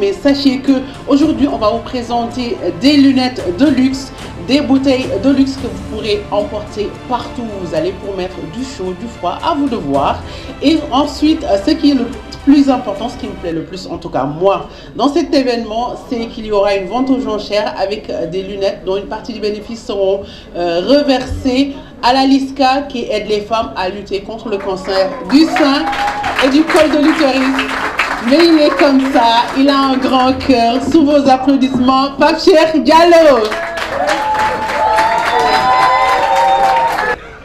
mais sachez que aujourd'hui on va vous présenter des lunettes de luxe, des bouteilles de luxe que vous pourrez emporter partout où vous allez pour mettre du chaud, du froid, à vous de voir. Et ensuite, ce qui est le plus important, ce qui me plaît le plus, en tout cas moi, dans cet événement, c'est qu'il y aura une vente aux enchères avec euh, des lunettes dont une partie du bénéfice seront euh, reversés à la Liska qui aide les femmes à lutter contre le cancer du sein et du col de l'utérus. Mais il est comme ça, il a un grand cœur. Sous vos applaudissements, pas Cher Diallo.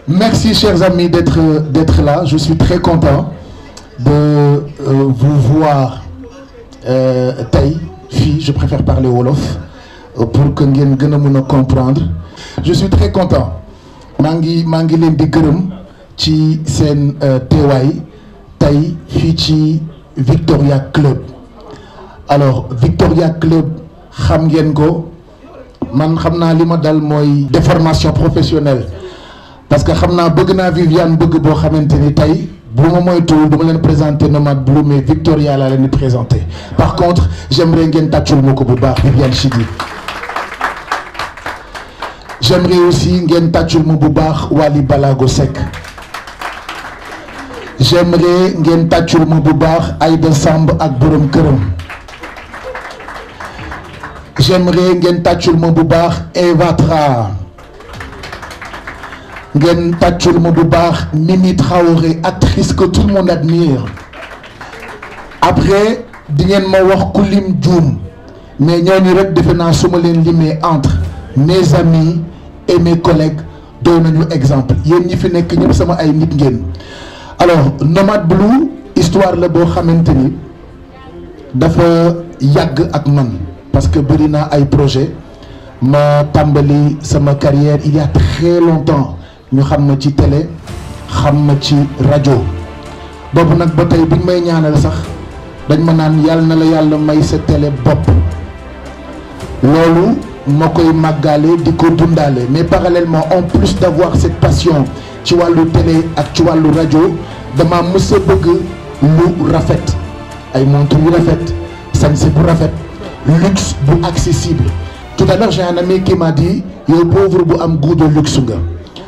Merci, chers amis, d'être là. Je suis très content de euh, vous voir. Euh, Taï, fille, je préfère parler Wolof euh, pour que nous comprenions. comprendre. Je suis très content Mangi, mangi Victoria Club alors Victoria Club xam ko man xamna lima dal déformation professionnelle parce que xamna sais bëgg na Viviane bëgg bo xamante tay tey moy ma duma len présenter Nomad Blue mais Victoria va nous présenter par contre j'aimerais ngeen tatchul moko bu baax Viviane j'aimerais aussi ngeen tatchul ma bu baax Wali Balago j'aimerais ngeen tàccul ma bu baax Aïda Samb ak borom këram j'aimerais ngeen tàccul ma bu baax Eva Tra ngeen tàccul ma bu baax Mimi Traoré actrice que tout le monde admire après di ngeen ma wax ku juum mais ñooñu rek defe naa su ma leen limee entre mes amis et mes collègues doon nañu exemple yéen ñi fi nekk ñëpp sama ay nit ngeen alors Nomad Blue histoire le beau xamante ni dafa Yag ak parce que bëri a un projet ma c'est ma carrière il y a très longtemps ñu xam ma ci télé xam ma ci rajo boobu nag ba tey buñ may ñaanal sax dañ ma naan yalla na la yàlla may sa télé bop lolu makoy magalé diko dundalé mais parallèlement en plus d'avoir cette passion vois le télé ak ci walu radio, dama mës bëgg lu rafet ay montre rafet luxe bu accessible tout à l'heure j'ai un ami qui m'a dit yow pauvre bu un goût de luxe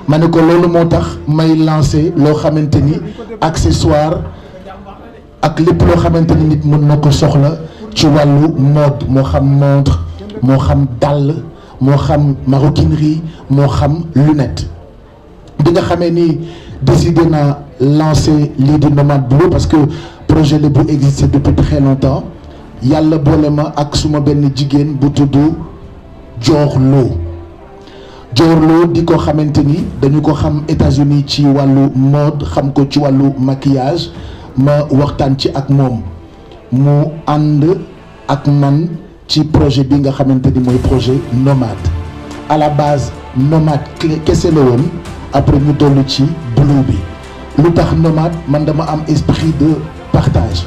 nga nous ko lolu motax may lancé lo accessoire ak lepp lo nit mën na soxla ci mode xam montre xam xam maroquinerie xam lunettes bi nga xamee décidé na lancer l'idée de Nomad parce que le projet de bu existe depuis très longtemps Il y a ak suma benn jigéen bu tudd Dior Lo dit Lo di ko xamante dañu ko xam États-Unis ci walu mode xam ko ci maquillage mais waxtaan ci ak moom mu ànd ak man ci projet bi nga xamante projet nomade. à la base Nomad c'est le nom? après nous toll ci blue bi nomade man dama am esprit de partage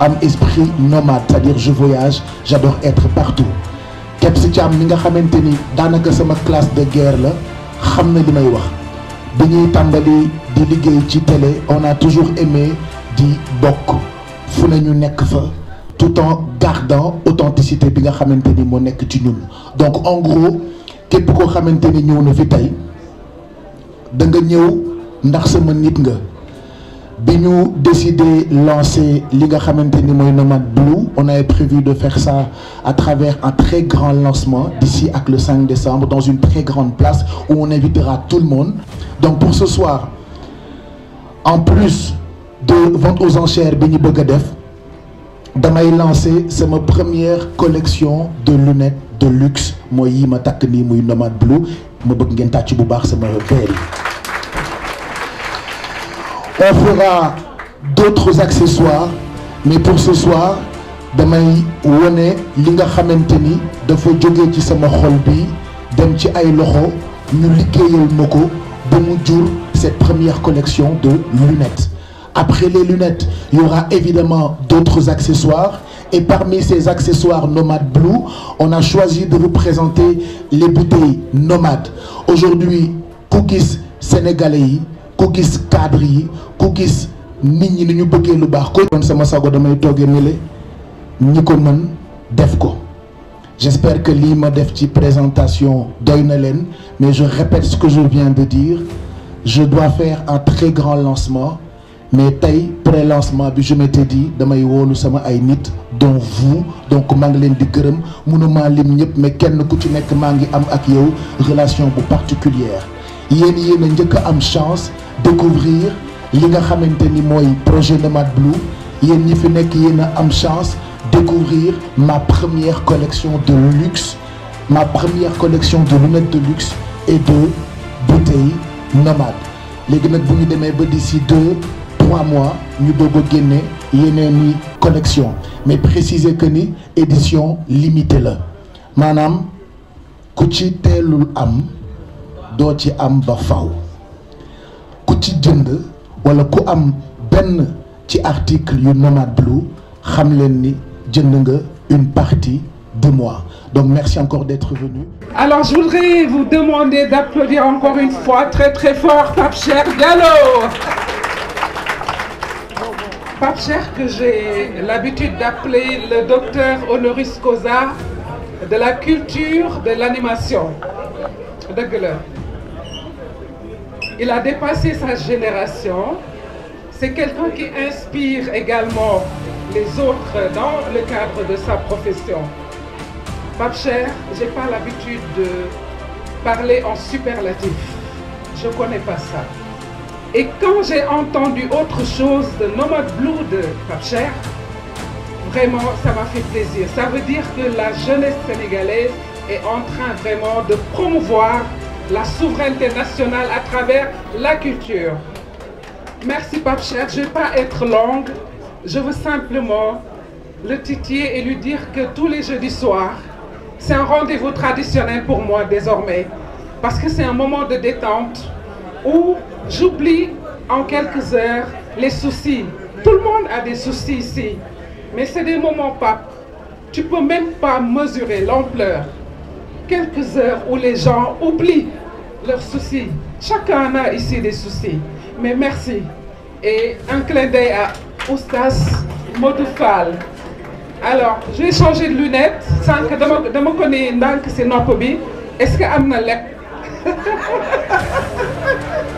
am esprit nomade c'est-à-dire je voyage j'adore être partout Kep si Thiam mi nga xamanteni danaka sama classe de guerre la xamna na li may wax bi di liggéey ci télé on a toujours aimé di bokk fu ne ñu fa tout en gardant authenticité bi nga xamanteni mo nek ci ñun donc en gros qu'est-ce xamante ni ñëw na fi tay da nga ndax sama nit décidé lancer Liga nga xamante Blue on avait prévu de faire ça à travers un très grand lancement d'ici à le 5 décembre dans une très grande place où on invitera tout le monde donc pour ce soir en plus de vendre aux enchères bi ñu vais lancé ma première collection de lunettes de luxe Je suis ma takk je suis Nomad Blue Je bëgg ngeen tàcc bu baax sama père on fera d'autres accessoires mais pour ce soir damay wone li nga d'afo ni dafa jóge ci sama xol bi dem ci ay loxo ñu liggéeyal ma mu cette première collection de lunettes après les lunettes, il y aura évidemment d'autres accessoires. Et parmi ces accessoires Nomad Blue, on a choisi de vous présenter les bouteilles Nomad. Aujourd'hui, cookies sénégalais, cookies Kadri, cookies Nini N'ubarko, j'espère que l'image ma présentation donne mais je répète ce que je viens de dire je dois faire un très grand lancement mais tay pré-lancement bi je m'étais dit damay woolu sama ay nit donc vous donc mang vous leen di gërëm mënumaa lim ñep mais kenn ku ci nek mangi am ak yow relation bu particulière yéen yéen a njëkk am chance découvrir li nga xamante ni mooy projet Nomad Blue yéen ñi fi nek yéen am chance découvrir ma première collection de luxe ma première collection de lunettes de luxe et de bouteilles nomades Les nag bu ñu ba d'ici deux trois mois nous devons gagner génne collection mais précisez que ni édition limitée madame maanaam ku ci teelul am doo ci am ba ku ci am article yu Nomad Blue xam leen ni jënd une partie de moi. Donc merci encore d'être venu. Alors je voudrais vous demander d'applaudir encore une fois très très fort Pape Cher Gallo. Pape Cher, que j'ai l'habitude d'appeler le docteur honoris causa de la culture de l'animation. Il a dépassé sa génération. C'est quelqu'un qui inspire également les autres dans le cadre de sa profession. Pape Cher, je n'ai pas l'habitude de parler en superlatif. Je ne connais pas ça. Et quand j'ai entendu autre chose de Nomad Blue de Papcher, vraiment, ça m'a fait plaisir. Ça veut dire que la jeunesse sénégalaise est en train vraiment de promouvoir la souveraineté nationale à travers la culture. Merci Papcher, je ne vais pas être longue. Je veux simplement le titiller et lui dire que tous les jeudis soirs, c'est un rendez-vous traditionnel pour moi désormais, parce que c'est un moment de détente où J'oublie en quelques heures les soucis. Tout le monde a des soucis ici, mais c'est des moments pas. Tu peux même pas mesurer l'ampleur. Quelques heures où les gens oublient leurs soucis. Chacun a ici des soucis, mais merci. Et un clin d'œil à Oustas Modoufal. Alors, je vais changer de lunettes. Sans que de me connais, c'est Est-ce que Amna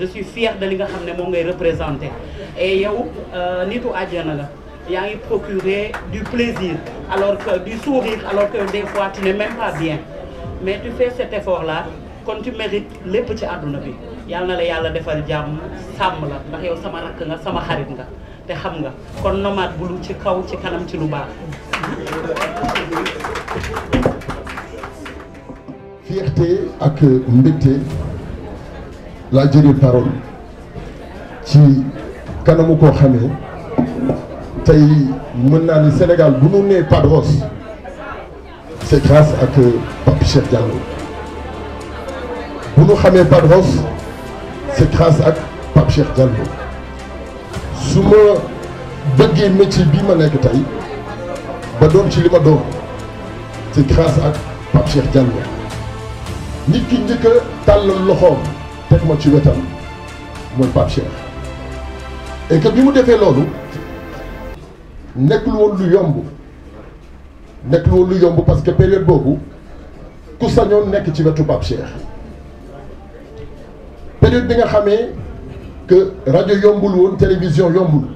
je suis fier de li nga xam ne ngay représenté et yow euh, nitu àjjana la yaa ngi procurer du plaisir alors que du sourire alors que des fois tu n'es même pas bien mais tu fais cet effort là quand tu mérites les ci àdduna bi yàlla na la yàlla defal jam sam la ndax yow sama rak nga sama xarit nga te xam nga kon nomade bu ci kaw ci kanam ci lu ba fierté ak mbété laa jëlee parole ci kanamu ko xamé tay mën naa ni Sénégal bu ñu nee Padros c'est grâce ak Pape Cheikh Diallo bu ñu xamee Padros c'est grâce à Pape Cheikh Diallo su ma bëggee métier bii ma nekk tey ba doon ci lima doon c'est grâce à Pape Cheikh Diallo nit ki njëkk a tàllal teg tu t'en? Cheikh et que bi mu defee que nekkul won lu yomb lu yomb parce que période boobu ku sañoon nek ci wetu pap Cheikh période bi nga xamé que radio, yombul télévision yombul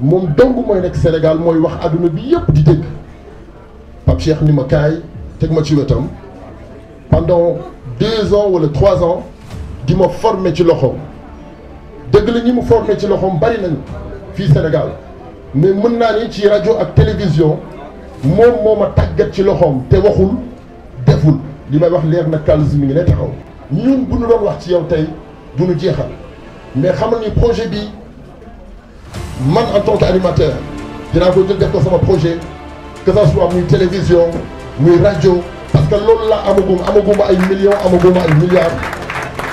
mom dong moy nek Sénégal moy wax aduna bi yépp di dégg ni ma pendant deux ans ou trois ans qui ma formé ci loxom gens la ñi mu ci loxom bari Sénégal mais mën ci ak télévision mom moma ma ci loxom té waxul deful li wax leer na suis mi ngi taxaw ñun bu ñu wax ci yow mais xamal ni projet bi man en tant qu'animateur dina ko jël projet que ça soit une télévision muy radio. parce que loolu amagum ay millions ay milliards.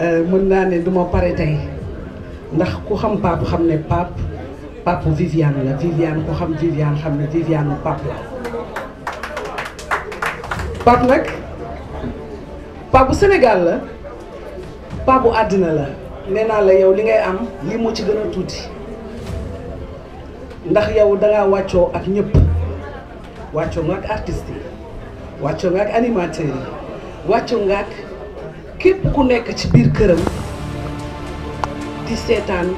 Euh, mën naa ne du ma pare tey ndax ku xam Pape xam ne Pape Pape Viviane la Viviane ku xam Viviane xam ne Viviane Pape la Pape nag Pape bu Sénégal la Pape bu àddina la nee la yow li ngay am li mu ci gën a tuuti ndax yow dangaa wàccoo ak ñëpp wàccoo nga ak artistes yi wàccoo nga ak animateurs yi wàccoo nga ak kep ku nek ci bir kërëm di sétane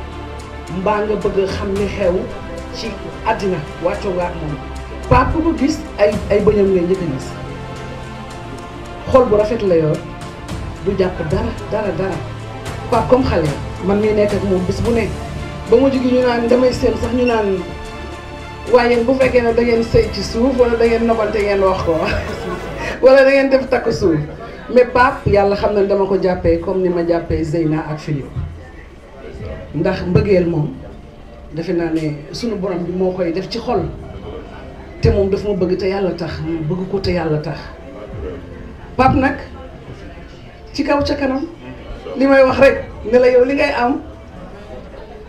mba nga bëgg xam ni xew ci adina wàccoo nga ak moom paa ku gis ay ay bëñam ngeen ñëk gis xol bu rafet la yor du japp dara dara dara pa comme xalé man ngay nek ak mom bis bu ne ba mu jigi ñu naan damay seen sax ñu naan waye bu fekkee ne da ngeen sey ci suuf wala da ngeen nobalte ngeen wax ko wala da ngeen def takku suuf mais Pape yàlla xam na dama ko jàppee comme ni ma jàppee Zeyna ak Philippe ndax mbëggeel moom defe naa ne sunu borom bi moo koy def ci xol te moom daf ma bëgg te yàlla tax mu bëgg ko te yàlla tax Pape nag ci kaw ca kanam li may wax rek ne la yow li ngay am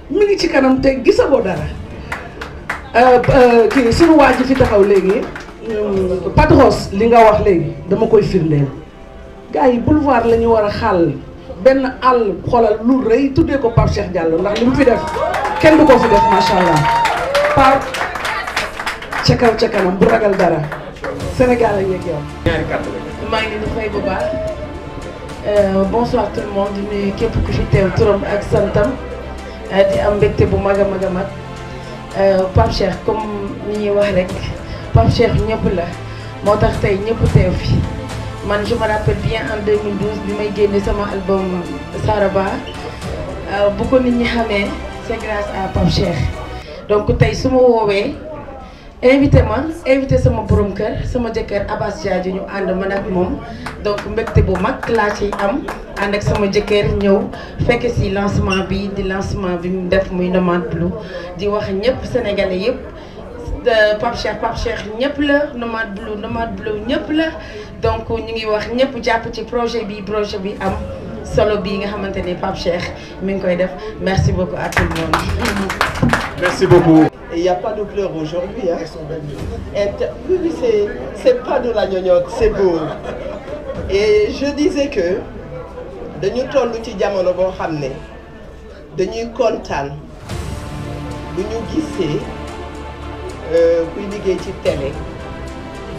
mu ngi ci kanam te gisaboo dara euh, euh, kii sunu waa ji fi taxaw léegi euh, Padros li nga wax léegi dama koy firndeel. gars yi boulevard la war a xàll benn àll xoolal lu rëy tuddee ko Pape Cheikh Diallo ndax li mu fi def kenn du ko fi def macha allah Pape ca kaw bu ragal dara Sénégal a yeeg yow. ñaari kàddu la. maa ngi fay bu baax euh, bonsoir tout le monde di nuyu képp ku fi teew turam ak santam euh, di am mbégte bu mag a mag a mag euh, Pape Cheikh comme ni ñuy wax rek Pape Cheikh ñëpp la moo tax tey ñëpp teew fii man je me rappelle bien en 2012 bi may génne sama album Saraba euh, bu ko nit ñi xamé c'est grâce à Pape Cheikh donc tay su ma woowee invité ma invité sama borom kër sama jëkkër Abass Diadio ñu and man ak moom donc mbégte bu mak la ci am and ak sama jëkkër ñëw fekk si lancement bi di lancement bi mu def muy Nomade Blue di wax ñëpp sénégalais yëpp euh, Pape Cheikh Pape Cheikh ñëpp la Nomade Blue Nomade Blue ñëpp la donc ñu ngi wax ñëpp jàpp ci projet bi projet bi am solo bi nga xamantene ni Pape Cheikh mi ngi koy def merci beaucoup à tout le monde. merci beaucoup. Il n'y a pas de pleurs aujourd'hui. Hein? Elles sont belles. Oui, oui, c'est, c'est pas de la gnognotte, c'est beau. Et je disais que dañu tollu ci jamono bo xamné de dañuy contane de ñu euh kuy liggéey ci télé.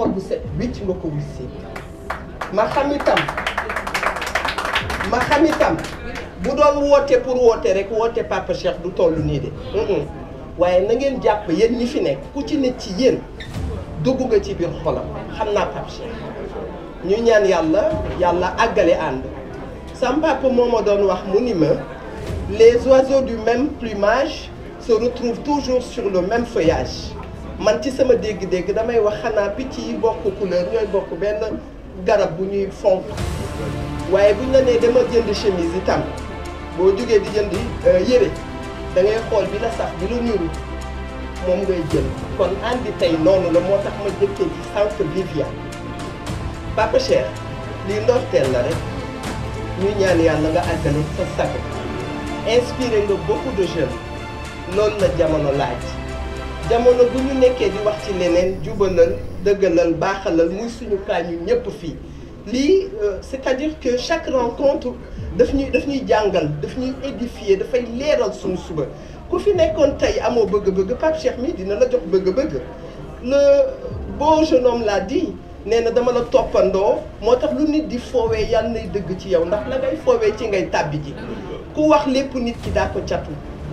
xol bu set wicc nga ko wussi ma xam ma xam bu doon woote pour woote rek woote Papa Cheikh du toll nii de waaye na ngeen jàpp yéen ñi fi nekk ku ci nit ci yéen dugg nga ci biir xolam xam Papa Cheikh ñu ñaan yàlla yàlla àggale ànd sam papa moo doon wax mu les oiseaux du même plumage se retrouvent toujours sur le même feuillage man ci sama dégg-dégg damay wax xanaa picc yi bokk couleur ñooy bokk benn garab bu ñuy fonk buñ la dama jënd chemise itam boo jógee di jënd euh, yére da ngay xool bi la sax bi la moom ngay jël kon andi tey noonu la moo ma ci Papa Cher, ndorteel la rek ñaan nga inspiré beaucoup de jeunes non, la jamono jamono bu ñu nekkee di wax ci leneen jubalal deugalal baaxalal muy suñu kañu ñëpp fi li euh, c'est-à-dire que chaque rencontre daf ñuy daf ñuy jàngal daf ñuy édifier fay leeral suñu suba ku fi nekkon tay amo bëgg-bëgg Pape Cheikh mi dina la jox bëgg-bëgg le beau jeune homme l'a dit néna dama la topando motax lu nit di fowé yalla ne dëgg ci yow ndax la ngay fowé ci ngay tabbi ji ku wax lépp nit ki daa ko catu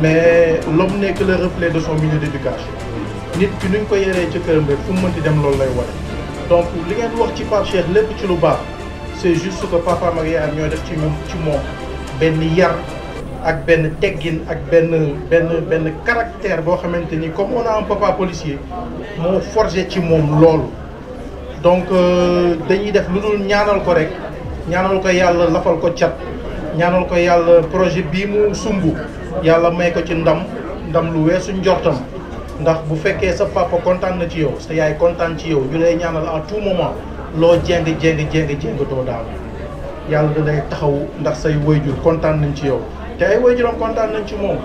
mais l'homme nekk le reflet de son milieu d'éducation nit ki nuñ ko yoree ci këram rek fu mu mënti dem loolu lay wane donc li ngeen wax ci Pape Cheikh lépp ci lu baax c'est juste que papa ak yaayam ñoo def ci ñoom ci moom benn yar ak benn teggin ak benn benn benn caractère boo xamante ni comme on a un papa policier moo forgé ci moom loolu donc euh, dañuy def lu dul ñaanal ko rek ñaanal ko yàlla lafal ko cat ñaanal ko yàlla projet bii mu sumb yàlla may ko ci ndam ndam lu weesu njortam ndax bu fekkee sa papa kontaan na ci yow sa yaay kontaan ci yow ñu lay ñaanal à tout moment loo jéng jéng jéng jéng doo daanu yàlla da lay taxaw ndax say wayjur kontaan nañ ci yow te ay wayjuram kontaan nañ ci moom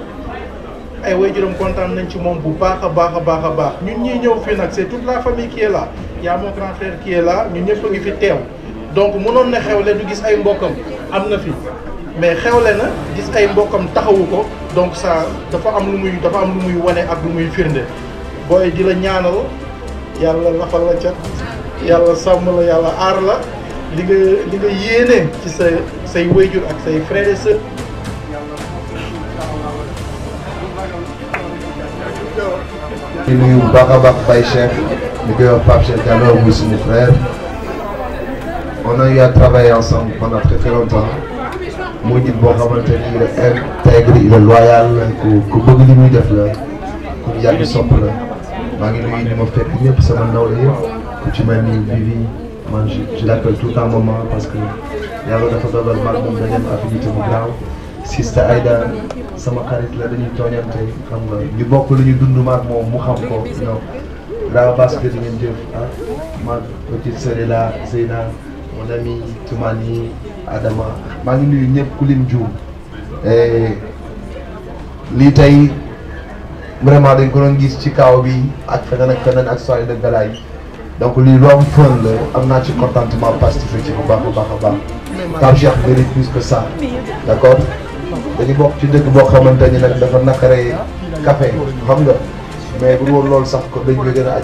ay wayjuram kontaan nañ ci moom bu baax a baax a baax a baax ñun ñii ñëw fi nag c'est toute la famille qui est là y'a mon grand frère qui est là ñun ñëpp ngi fi teew donc mënoon na xewle du gis ay mbokkam am na fi mais xewle na gis ay mbokkam taxawu ko donc ça dafa am lu muy wane ak lu muy firnde booy di la ñaanal yàlla lafal la cat yàlla sàmm la yàlla aar la li nga li nga yéene ci sa say wayjur ak say frères et sœurs di nuyu bu baax a baax Baye Cheikh di koy wax Pape Cheikh Diallo muy a eu à travailler ensemble muy nit boo xamante ni la intègre il est loyal ku ku bëgg li muy def la ku yàgg sopp la maa ngi nuyu ni ma fekk ñëpp sama ndaw la yëpp ku ci mel ni Vivi man je l'appelle tout le temps que yàlla dafa dogal maag moom dañu am affinité bu gaaw sista Aïda sama xarit la dañuy tooñante xam nga ñu bokk lu ñu dund maag moom mu xam ko non la basket ngeen jëf ah maag petite sœur la Zeyna mon ami Toumani Adama maa ngi nuyu ñëpp ku lim juum eh, lii tey vraiment dañ ko doon gis ci kaw bi ak feneen ak feneen ak soirée de gala yi donc lii lu am fun la am naa ci contentement pacifique ci bu baax ba baax a baax Pape Cheikh mérite plus que ça d' accord dañu bokk ci dëkk boo xamante ni nag dafa naqaree café xam nga mais bu woon loolu sax ko dañ koy gën a aj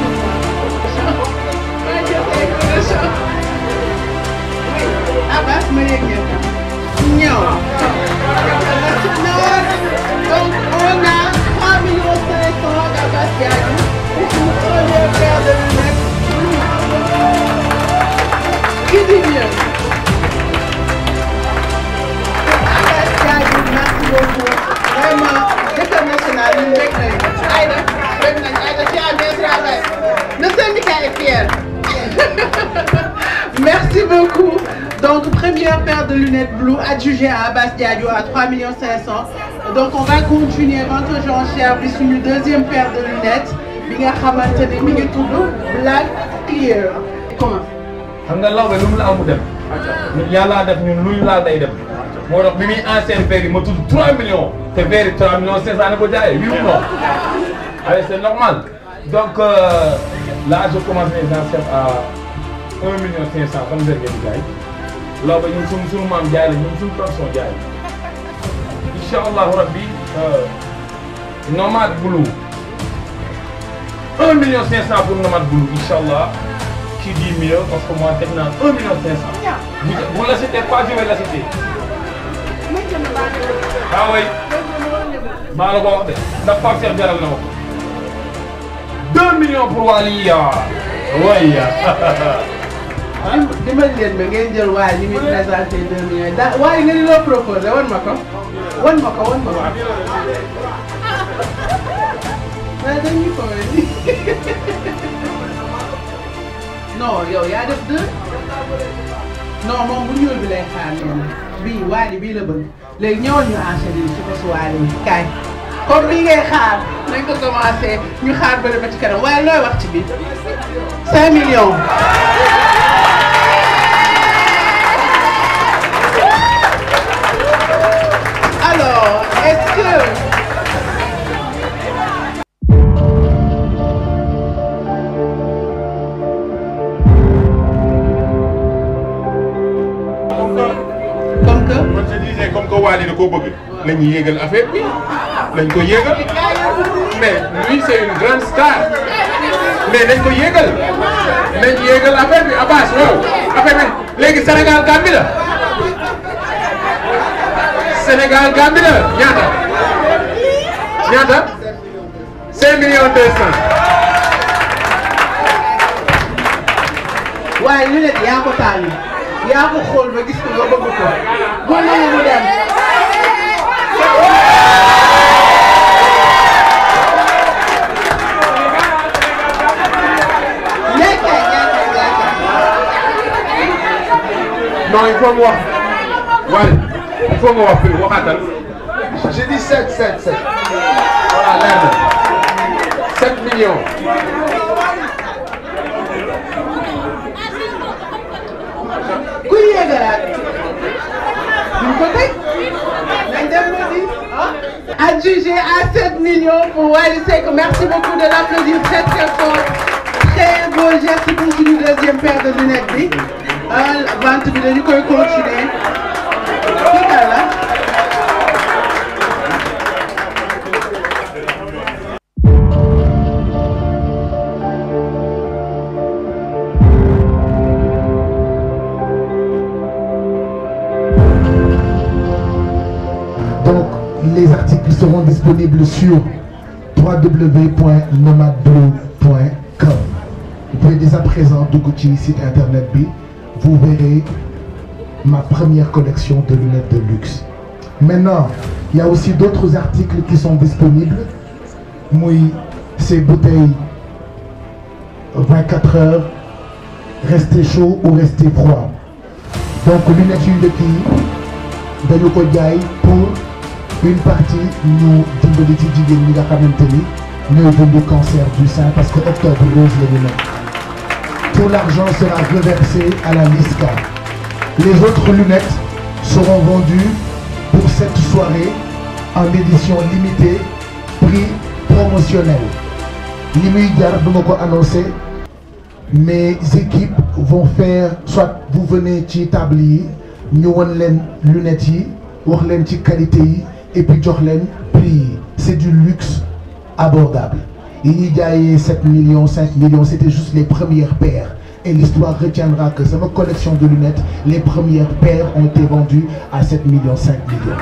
Abbas merengue. Merci beaucoup. Donc, première paire de lunettes blue adjugée à Abbas Diadio à 3 500 Donc, on va continuer vente aux enchères avec une deuxième paire de lunettes. Binga Khamantene, Binga Toudou, Black Clear. Comment xam nga lawbe lu mu la amu dem. ñun yàlla def ñun luñ laal day dem. moo tax bi muy ancien verre yi ma tudd 3 millions. C'est vrai yi 3 millions 500 na ko jaayee 8 millions. c'est normal. donc euh, là je commence mes enchères à. un million cinq cent ban njëriñ ngeen di jaay looba ñun suñ suñu maam jaay la ñun suñu torsion jaay incha allahu rabbi euh, nomade blue un million cinq cent pour nomade blue incha allah qui dit mieux parce que moi teg naa un million cinq cent. bu la cité pas je vais la cité. waaw waay maa la ko wax de ndax Pape Cheikh jaral na wax deux millions pour Waliya waay ah. ah. dimbali leen ba ngeen jël waaye ñu ngi présenté deux millions daa waaye nga ni loo proposé wan ma wan ma wan ma ko waaye dañuy ko wér non yow yaa def deux non moom bu ñuul bi lay xaar noonu bii waali bii la bëgg léegi ñëwal ñu enchaîner su ko su waali yi kaay comme bii ngay xaar nañ ko commencé ñu xaar bëri ba ci kanam waaye looy wax ci bi 5 millions. Alors, est-ce que... comme que Wally da koo bëgg nañu yéegal affaire bi nañ ko yéegal mais lui c'est une grande star mais nañ ko yéegal nañ yéegal affaire bi Abbas waaw affaire bi léegi Sénégal Gambie la Sénégal Gambie la ñaata ñaata 5 millions 200. waaye lu nekk yaa ko taal yaa ko xool ba gis ko nga bëgg ko bu nee mu dem. non il faut mu wax waaye. j'ai dit 7 7 7 voilà 7 millions kuyegala côté adjugé à 7 millions pour Seiko. Merci beaucoup de l'applaudir très très fort. Très beau geste une deuxième paire de lunettes. Euh, seront disponibles sur www.nomadblue.com. Vous pouvez dès à présent goûter site internet B, vous verrez ma première collection de lunettes de luxe. Maintenant, il y a aussi d'autres articles qui sont disponibles Oui ces bouteilles 24 heures rester chaud ou rester froid donc lunettes de qui pour une partie nous des ci jigéen ñi nga Nous des cancer du sein parce que octobre rose les lunettes. tout l'argent sera reversé à la LISCA les autres lunettes seront vendues pour cette soirée en édition limitée prix promotionnel Les muy jar du mes équipes vont faire soit vous venez ci nous avons les lunettes yi wax les et puis Jorlen puis c'est du luxe abordable Il y a 7 millions 5 millions c'était juste les premières paires et l'histoire retiendra que votre collection de lunettes les premières paires ont été vendues à 7 millions 5 millions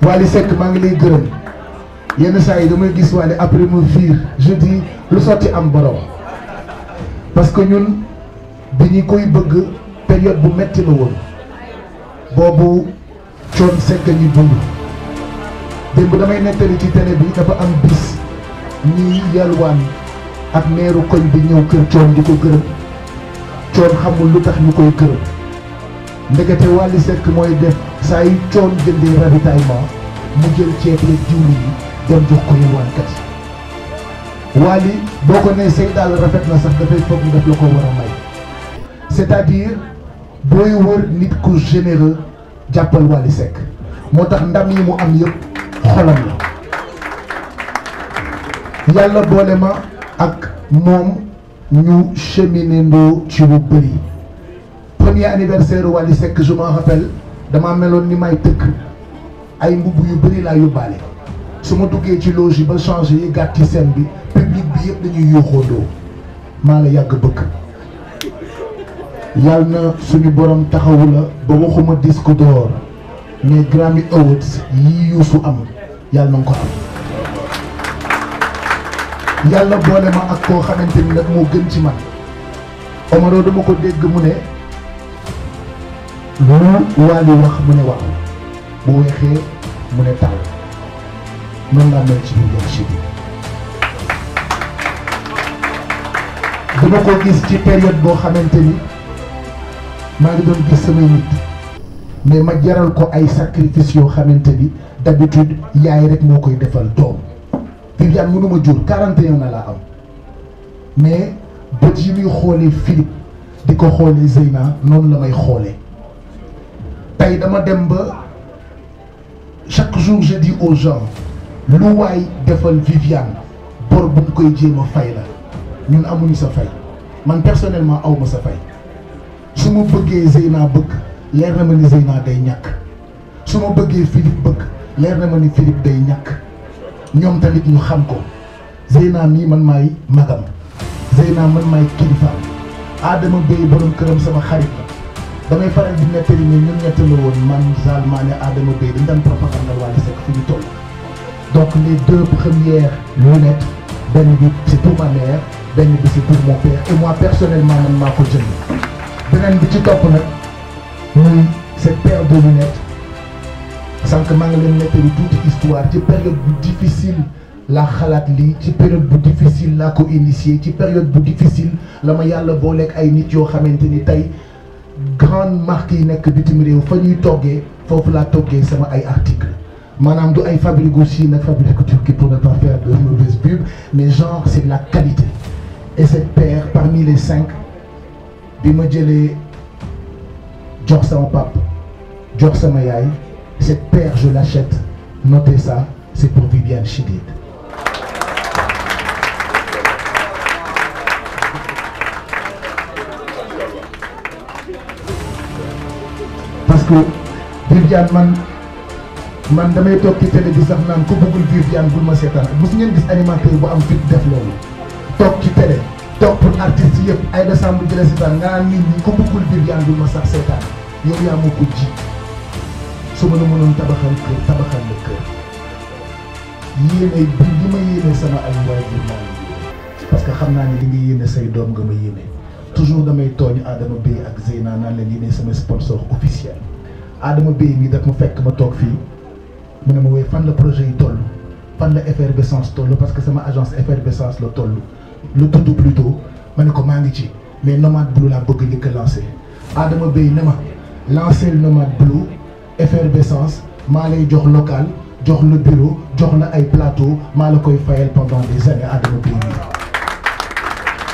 que je Il y a une après mon fils je dis le parce que Nous nous avons koy période bu metti la coon sekk ñuy dund démb damay nettali ci télé bi dafa am bis ni yalwaan ak meeru koñ bi ñëw kër coon di ko gërëm coon xamul lu tax ñu koy gërëm ndekete wàlli sekk mooy def saa yu coon jëndee ravitaillement mu jël ceeb rek jiwli yi dem jox ko yalwaankat wàlli boo ko nee say rafet na sax dafay foog ñu def ko war a may c'est-à-dire booy wër nit ku généreux jàppal Wally Seck ndam yi mu am yeb xolam la suis ak ñu premier anniversaire Wali je m'en rappelle dama suis ni may teuk ay mbubu yu yubale. la yobale suma ma ci loge changé yi public bi dañuy Yalna suñu borom taxawu la ba waxuma disque d'or mais Grammy Awards yi yusu am yalna na ko am yàlla boole ma ak ko xamanteni nak mo gën ci man Omaro dama ko dégg mu ne lu wali wax mu ne wax bu weexee mu ne taw non la mel ci biir ci bi dama ko gis ci période bo xamanteni maa ngi doon gis mais ma jaral ko ay sacrifice yoo xamante bi d'habitude yaay rek moo koy defal doom Viviane mënuma jur 41 na laa am mais bët yi muy Philippe di ko xoolee Zeyna noonu la may xoolee tey dama dem ba chaque jour je dis aux gens lu waay defal Viviane bor bu mu koy jéem a fay la ñun amuñu sa fay man personnellement aw ma sa fay. su ma bëggee Zeyna bëgg leer na ma ni Zeyna day ñàkk su ma bëggee Philippe bëgg leer na ma ni Philippe day ñàkk ñoom tamit ñu xam ko Zeyna mii man maay magam Zeyna man maay kilifaam Adama Bey borom këram sama xarit la damay faral di nettali ne ñun ñett la woon man Zalmane Adama Bey dañ daan propagande Wally Seck fi ñu toll donc les deux premières lunettes benn bi ci pour ma mère benn bi c'est pour et moi personnellement man maa ko jënd C'est un petit topp nag cette paire de lunettes Sans que ngi leen une toute histoire ci période difficile la chalatli, lii période difficile la co initié ci période difficile la ma le booleeg ay nit yoo xamante ni grande marque yi nekk bitim réew fa faut la la laa toggee sama ay article Madame du ay fabrique aussi, ak fabrique Turquie pour ne pas faire de mauvaise pub mais genre c'est de la qualité et cette paire parmi les cinq bi ma jox sama pap jox sama yaay cette paire je l'achète notez ça c'est pour Viviane Chidid parce que Viviane man man damay toog ci télé bi sax nan ko bëggul Viviane bul ma sétane bu si ngeen gis animateur bu am fit def lolu toog ci télé topp artistes yëpp ay décembre di la seetaan nga naan nit ñi ko bëggul biir yaan ma sax seetaan yow yaa ma ko ji su ma la manoon tabaxal kër tabaxal la kër yéene bi li ma yéene sama ay waajur maa ngi parce que xam naa ne li nga yéene say doom nga ma yéene toujours damay tooñ Adama Bey ak Zeyna naan leen yéene sama sponsor officiel Adama Bey mii daf mu fekk ma toog fii mu ne ma woy fan la projet yi toll fan la effervescence toll parce que sama agence effervescence la toll tout tout plutôt ma ne mais Nomade Blue la bëgg njëkk lancé Adam Bey lancez le Nomad Nomade Blue effervescence mal lay jox local jox le bureau jox le plateau mal la fait pendant des années Adam Bey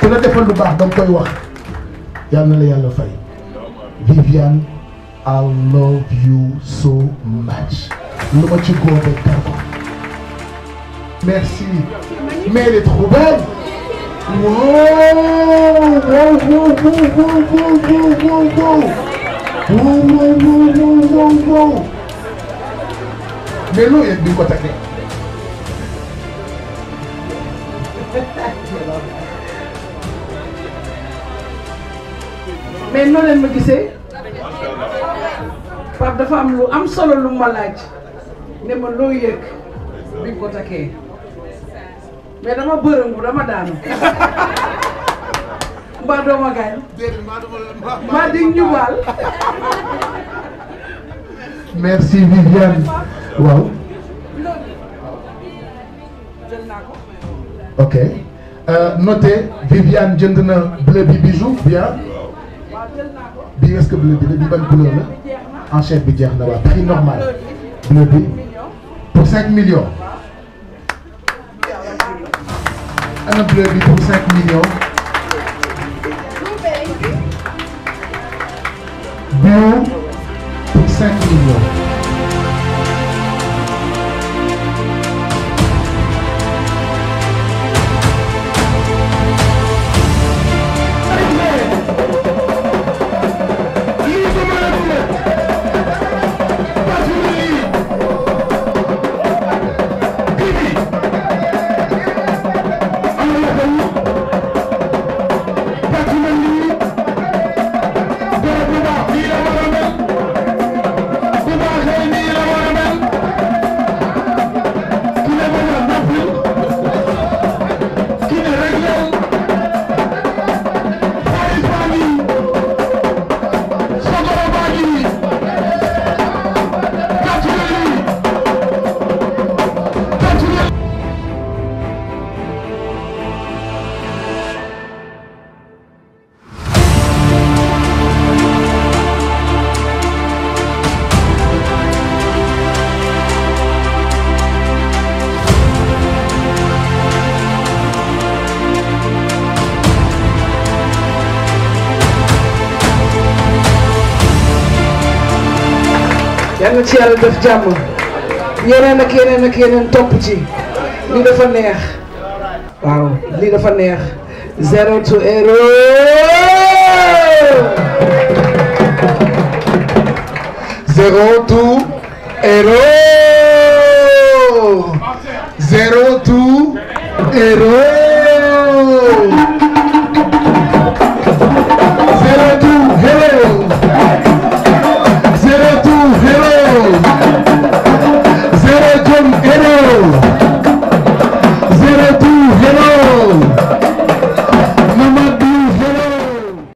ku le defal lu baax donc, koy wax yàlla na le yàlla Viviane I love you so much merci mais elle est trop belle Whoa! Whoa, whoa, whoa, whoa, whoa, whoa, whoa, whoa. Whoa, whoa, whoa, whoa, whoa, whoa. Mélòó yẹn di kọ́tàkì. mais noonu leen ma gisee Pape dafa am lu am solo lu ma laaj ne ma loo yëg bi nga ko takkee mais dama bërëngu dama daanu. mbaa doo ma gaañ. mbaa di ñu baal. merci Viviane waaw. ok euh, noté Viviane jënd na bleu bi bijou bien bi est-ce que bleu bi la bi ban couleur la en chef bi jeex na waaw prix normal bleu bi pour 5 millions. En een pleurje voor 5 miljoen. Bureau pour 5 millions. yàlla na ci yàlla def jàmm ak yeneen ak yeneen topp ci lii dafa neex waaw lii dafa neex zéro to héro Zero to